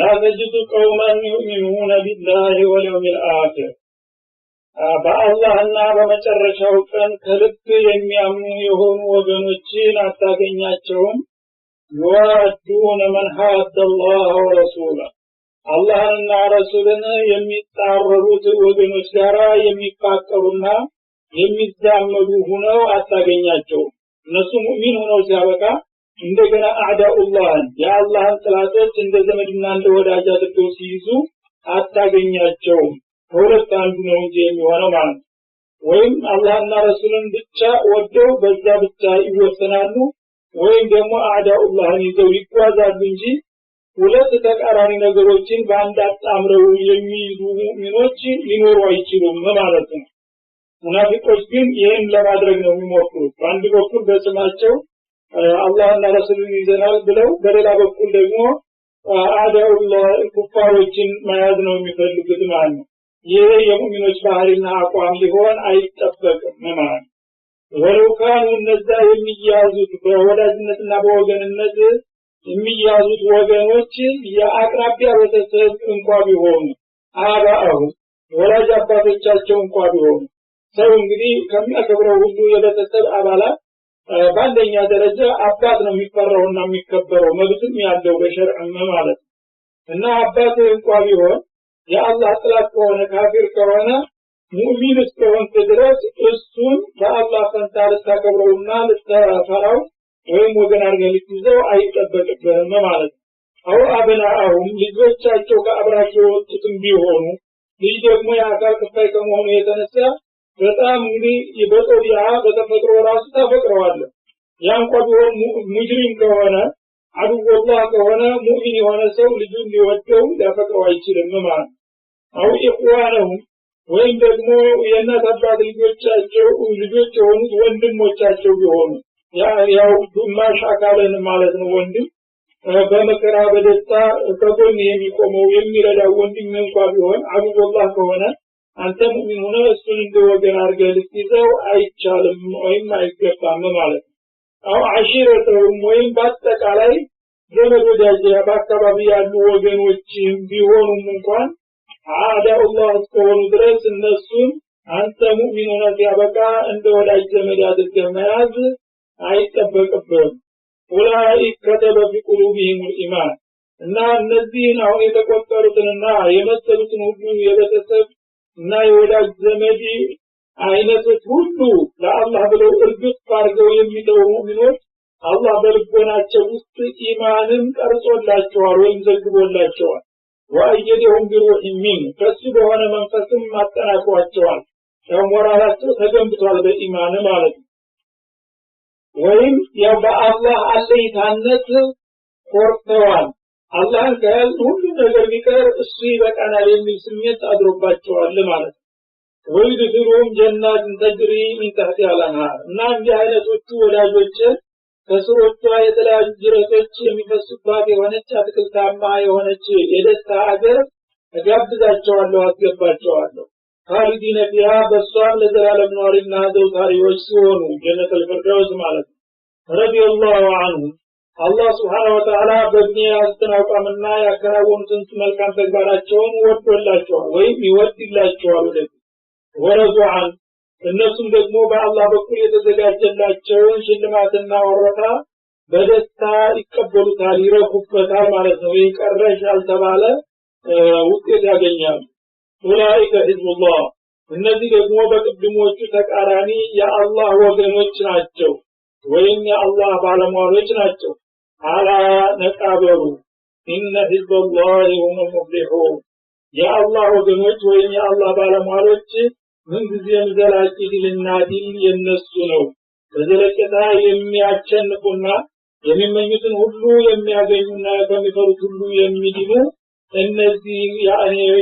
لا تجد قوما يؤمنون بالله واليوم الآخر أبا الله النار ما جرى شوقا كلب يميامن يهون وبنجين أتاقين يأتشهم يوعدون من حاد الله ورسوله الله النار رسولنا يمي تعرروت وبنجارا يمي قاكرنا يمي تعمدوهنا أتاقين يأتشهم نسو مؤمنون وسيابكا እንደገና አዕዳኡላህን የአላህን ጥላቶች እንደ ዘመድና እንደ ወዳጅ አድርገው ሲይዙ አታገኛቸውም ከሁለት አንዱ ነው እንጂ የሚሆነው ማለት ነው ወይም አላህና ረሱልን ብቻ ወደው በዛ ብቻ ይወሰናሉ ወይም ደግሞ አዕዳኡላህን ይዘው ይጓዛሉ እንጂ ሁለት ተቃራኒ ነገሮችን በአንድ አጣምረው የሚይዙ ሙእሚኖች ሊኖሩ አይችሉም ማለት ነው ሙናፊቆች ግን ይህን ለማድረግ ነው የሚሞክሩት በአንድ በኩል በስማቸው አላህና ረሱሉን ይዘናል ብለው በሌላ በኩል ደግሞ አዳውላ ኩፋሮችን መያዝ ነው የሚፈልጉት ማለት ነው ይህ የሙሚኖች ባህሪና አቋም ሊሆን አይጠበቅም ማለት ነው ወለው ካኑ እነዛ የሚያዙት በወዳጅነትና በወገንነት የሚያዙት ወገኖች የአቅራቢያ ቤተሰብ እንኳ ቢሆኑ አባአሁ ወላጅ አባቶቻቸው እንኳ ቢሆኑ ሰው እንግዲህ ከሚያከብረው ሁሉ የቤተሰብ አባላት በአንደኛ ደረጃ አባት ነው የሚፈራውና የሚከበረው መብትም ያለው በሸርዕም ማለት እና አባት እንኳ ቢሆን የአላህ ጥላት ከሆነ ካፊር ከሆነ ሙእሚን እስከሆንክ ድረስ እሱን በአላህ ፈንታ ልታከብረውና ልታፈራው ወይም ወገን አድርገህ ልትይዘው አይጠበቅብህም ማለት ነው። አው አብናአሁም ልጆቻቸው ከአብራቸው የወጡትም ቢሆኑ ልጅ ደግሞ የአካል ክፋይ ከመሆኑ የተነሳ በጣም እንግዲህ በጦቢያ በተፈጥሮ ራሱ ተፈጥሯል ያ እንኳ ቢሆን ሙጅሪም ከሆነ አድወላህ ከሆነ ሙእሚን የሆነ ሰው ልጁን ሊወደው ሊያፈቅረው አይችልም ማለት አው ኢኽዋነሁ ወይም ደግሞ የእናት አባት ልጆቻቸው ልጆች የሆኑት ወንድሞቻቸው ቢሆኑ ያው ግማሽ አካልን ማለት ነው ወንድም በመከራ በደስታ ከጎን የሚቆመው የሚረዳው ወንድም እንኳ ቢሆን አብዶላህ ከሆነ አንተም ሆነ እሱን እንደ ወገን አድርገህ ልትይዘው አይቻልም ወይም አይገባም ማለት ነው። አሁን አሺረተውም ወይም በአጠቃላይ ዘመድ ወዳጅ በአካባቢ ያሉ ወገኖችም ቢሆኑም እንኳን አዳኡላህ እስከሆኑ ድረስ እነሱን አንተ ሙእሚን ሆነህ ሲያበቃ እንደ ወዳጅ ዘመድ አድርገህ መያዝ አይጠበቅብህም። ኡላኢክ ከተበ ፊ ቁሉቢሂም ልኢማን እና እነዚህን አሁን የተቆጠሩትንና የመሰሉትን ሁሉ የቤተሰብ እና የወዳጅ ዘመድ አይነቶች ሁሉ ለአላህ ብለው እርግጥ አድርገው የሚተው ሙእሚኖች አላህ በልቦናቸው ውስጥ ኢማንን ቀርጾላቸዋል ወይም ዘግቦላቸዋል። ወአየደሁም ቢሩህ ሚን ከሱ በሆነ መንፈስም አጠናክሯቸዋል። ሞራላቸው ተገንብቷል በኢማን ማለት ነው። ወይም ያው በአላህ አለይታነት ኮርተዋል። አላህን ጋር ሁሉ ነገር ቢቀር እሱ ይበቃናል የሚል ስሜት አድሮባቸዋል ማለት ነው ወይድፍሩም ጀናትን ተጅሪ ሚን ተህቲ አልአንሃር እና እንዲህ አይነቶቹ ወዳጆች ከስሮቿ የተለያዩ ጅረቶች የሚፈሱባት የሆነች አትክልታማ የሆነች የደስታ አገር እጋብዛቸዋለሁ አስገባቸዋለሁ ካሊዲነ ፊሃ በእሷም ለዘላለም ኗሪና ዘውታሪዎች ሲሆኑ ጀነተል ፊርደውስ ማለት ነው ረዲየላሁ አንሁም አላህ ስብሓነ ወተዓላ በእድሜ ያዙትን አቋምና ያከናወኑትን መልካም ተግባራቸውን ወዶላቸዋል ወይም ይወድላቸዋል ወደፊት ወረዙዓን እነሱም ደግሞ በአላህ በኩል የተዘጋጀላቸውን ሽልማትና ወረታ በደስታ ይቀበሉታል፣ ይረኩበታል ማለት ነው። ይህ ቀረሽ ያልተባለ ውጤት ያገኛሉ። ኡላኢከ ሒዝቡላህ እነዚህ ደግሞ በቅድሞቹ ተቃራኒ የአላህ ወገኖች ናቸው ወይም የአላህ ባለሟሎች ናቸው። አላ ነቃበሩ ኢነ ሂዝበላሂ ሁም ሙፍሊሑን የአላህ ወገኖች ወይም የአላህ ባለሟሎች ምንጊዜም ዘላቂ ድልና ድል የነሱ ነው በዘለቄታ የሚያቸንፉና የሚመኙትን ሁሉ የሚያገኙና ከሚፈሩት ሁሉ የሚድኑ እነዚህ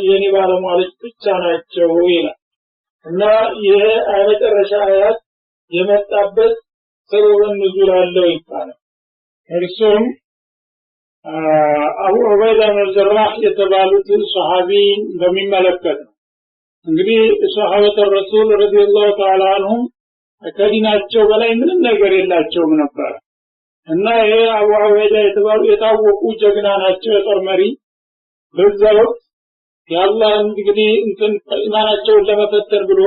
የኔ ባለሟሎች ብቻ ናቸው ይላል እና ይሄ መጨረሻ አያት የመጣበት ስሩርን ዙር አለው ይባላል እርሱም አቡ ዑበይዳ ብን ጀራህ የተባሉትን ሰሐቢን በሚመለከት ነው። እንግዲህ ሰሐበተ ረሱል ረዲየላሁ ተዓላ አንሁም ከዲናቸው በላይ ምንም ነገር የላቸውም ነበር እና ይሄ አቡ ዑበይዳ የተባሉ የታወቁ ጀግና ናቸው፣ የጦር መሪ። በዛ ወቅት የአላህ እንግዲህ እንትን ኢማናቸውን ለመፈተን ብሎ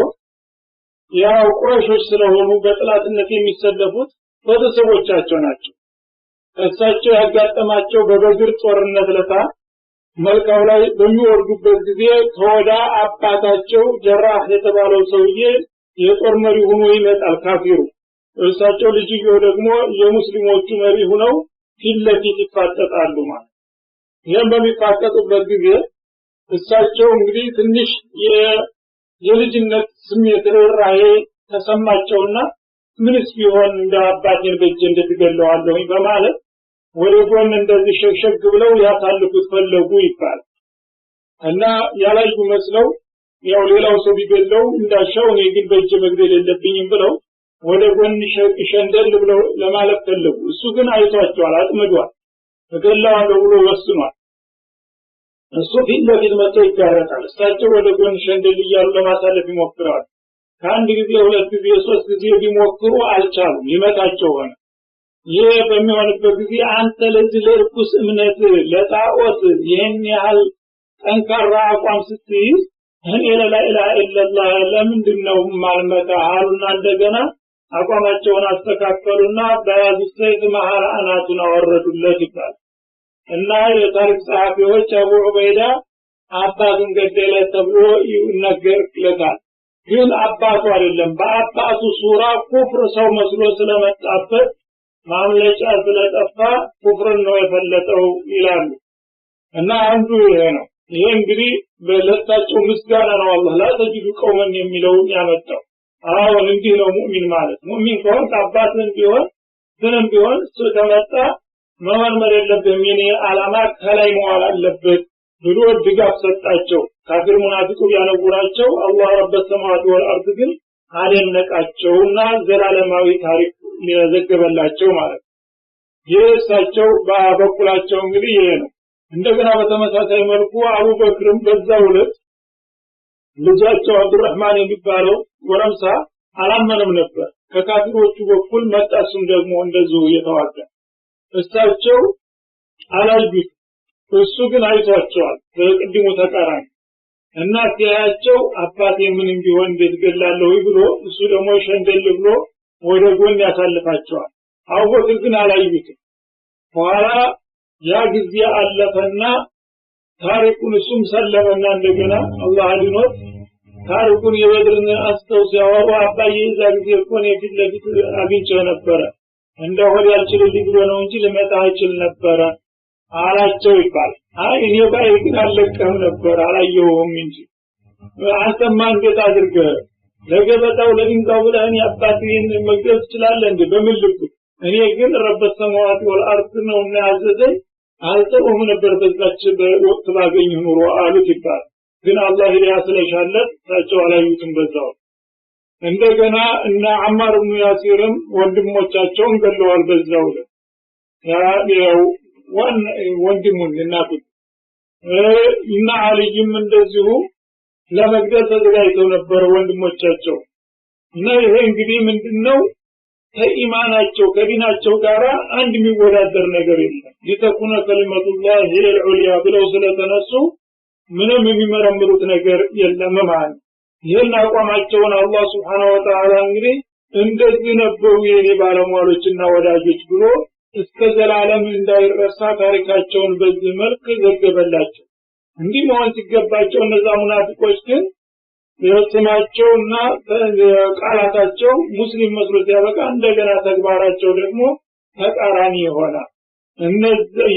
ያው ቁረሾች ስለሆኑ በጥላትነት የሚሰለፉት ቤተሰቦቻቸው ናቸው። እሳቸው ያጋጠማቸው በበድር ጦርነት ለታ መልካው ላይ በሚወርዱበት ጊዜ ተወዳ አባታቸው ጀራህ የተባለው ሰውዬ የጦር መሪ ሆኖ ይመጣል ካፊሩ እሳቸው ልጅየው ደግሞ የሙስሊሞቹ መሪ ሆነው ፊት ለፊት ይፋጠጣሉ ማለት ይህም በሚፋጠጡበት ጊዜ እሳቸው እንግዲህ ትንሽ የልጅነት ስሜት ርኅራሄ ተሰማቸውና ምንስ ቢሆን እንደ አባቴን በእጄ እንድትገለዋለሁኝ በማለት ወደ ጎን እንደዚህ ሸግሸግ ብለው ሊያሳልፉት ፈለጉ ይባል እና ያላዩ መስለው ያው ሌላው ሰው ቢገለው እንዳሻው እኔ ግን በእጄ መግደል የለብኝም ብለው ወደ ጎን ሸንደል ብለው ለማለፍ ፈለጉ። እሱ ግን አይቷቸዋል፣ አጥምዷል፣ እገላዋለሁ ብሎ ወስኗል። እሱ ፊት ለፊት መጥቶ ይጋረጣል። እሳቸው ወደ ጎን ሸንደል እያሉ ለማሳለፍ ይሞክረዋል። ከአንድ ጊዜ ሁለት ጊዜ ሶስት ጊዜ ሊሞክሩ አልቻሉም ይመጣቸው ሆነ ይህ በሚሆንበት ጊዜ አንተ ለዚህ ለርኩስ እምነት ለጣዖት ይህን ያህል ጠንካራ አቋም ስትይዝ እኔ ለላኢላ ኢለላ ለምንድን ነው ማልመጣ አሉና እንደገና አቋማቸውን አስተካከሉና በያዙት ሰይፍ መሀል አናቱን አወረዱለት ይባል እና የታሪክ ጸሐፊዎች አቡ ዑበይዳ አባቱን ገደለ ተብሎ ይነገርለታል ግን አባቱ አይደለም በአባቱ ሱራ ኩፍር ሰው መስሎ ስለመጣበት ማምለጫ ስለጠፋ ኩፍርን ነው የፈለጠው ይላሉ እና አንዱ ይሄ ነው ይሄ እንግዲህ በለታቸው ምስጋና ነው አላህ ላተጅዱ ቀውመን የሚለውን ያመጣው አሁን እንዲህ ነው ሙእሚን ማለት ሙእሚን ከሆን አባትን ቢሆን ምንም ቢሆን እሱ ከመጣ መመልመል የለብህም የኔ አላማ ከላይ መዋል አለበት ብሎ ድጋፍ ሰጣቸው ካፊር ሙናፊቁ ያነውራቸው አላህ ረበ ሰማዋት ወልአርድ ግን አደነቃቸውና ዘላለማዊ ታሪክ ዘገበላቸው ማለት ነው ይህ እሳቸው በበኩላቸው እንግዲህ ይሄ ነው እንደገና በተመሳሳይ መልኩ አቡበክርም በዛው ዕለት ልጃቸው አብዱራህማን የሚባለው ጎረምሳ አላመንም ነበር ከካፊሮቹ በኩል መጣሱም ደግሞ እንደዚሁ እየተዋጋ እሳቸው አላዩት እሱ ግን አይቷቸዋል በቅድሙ ተቃራኝ እናት ያያቸው አባት ምን ቢሆን ቤት ገላለሁ ብሎ እሱ ደግሞ ሸንደል ብሎ ወደ ጎን ያሳልፋቸዋል። አቡበክር ግን አላዩትም። በኋላ ያ ጊዜ አለፈና ታሪኩን እሱም ሰለመና እንደገና አላህ አድኖት ታሪኩን የበድርን አስተው ሲያወሩ አባዬ ዛ ጊዜ እኮ እኔ ፊት ለፊት አግኝቼህ ነበረ እንደ ሆድ ያልችልልኝ ብሎ ነው እንጂ ልመጣ አይችል ነበረ አላቸው ይባላል። አይ እኔ ጋር ግን አለቀህም ነበር አላየውም እንጂ አስተማን እንዴት አድርገ ለገበታው ለድንጋው ብለህን የአባትህን መግደል ትችላለህ እንዴ በምን ልብ እኔ ግን ረበት ሰማዋት ወልአርድ ነው እና ያዘዘኝ አልጠሩህም ነበር በዛች በወቅት ባገኝ ኑሮ አሉት ይባል ግን አላህ ሂዳያ ስለሻለት ታቸው አላዩትም በዛው እንደገና እና አማር ብኑ ያሲርም ወንድሞቻቸውን ገለዋል በዛው ለት ያው ወንድሙን ልናቱት እና አልይም እንደዚሁ ለመግደል ተዘጋጅተው ነበር ወንድሞቻቸው እና ይሄ እንግዲህ ምንድነው ከኢማናቸው ከዲናቸው ጋር አንድ የሚወዳደር ነገር የለም ሊተኩነ ከሊመቱላህ ሂየ ብለው ስለተነሱ ምንም የሚመረምሩት ነገር የለም ማለት ይህን አቋማቸውን አላህ Subhanahu Wa Ta'ala እንግዲህ እንደዚህ ነበሩ የኔ ባለሟሎችና ወዳጆች ብሎ እስከ ዘላለም እንዳይረሳ ታሪካቸውን በዚህ መልክ ዘገበላቸው። እንዲህ መሆን ሲገባቸው እነዛ ሙናፊቆች ግን ስማቸውና ቃላታቸው ሙስሊም መስሎት ያበቃ እንደገና ተግባራቸው ደግሞ ተቃራኒ ይሆናል።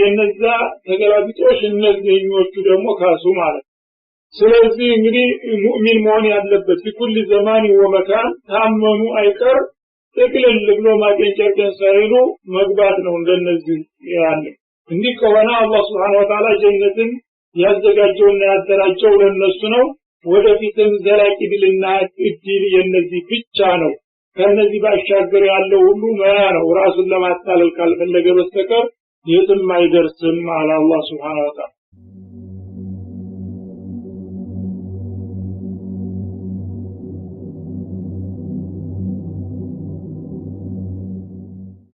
የነዛ ተገላቢጦች እነዚህኞቹ ደግሞ ካሱ ማለት ስለዚህ እንግዲህ ሙእሚን መሆን ያለበት ፊኩል ዘማን ወመካን ታመኑ አይቀር ጥቅልል ብሎ ማጨንጨርቅን ሳይሉ መግባት ነው እንደነዚህ ያለ እንዲህ ከሆነ አላህ Wa Ta'ala ጀነትን ያዘጋጀውና ያደራጀው ለነሱ ነው ወደፊትም ዘላቂ ድልና እድል የነዚህ ብቻ ነው ከነዚህ ባሻገር ያለው ሁሉ መያ ነው ራሱን ለማታለል ካልፈለገ በስተቀር የትም አይደርስም አለ አላህ Wa Ta'ala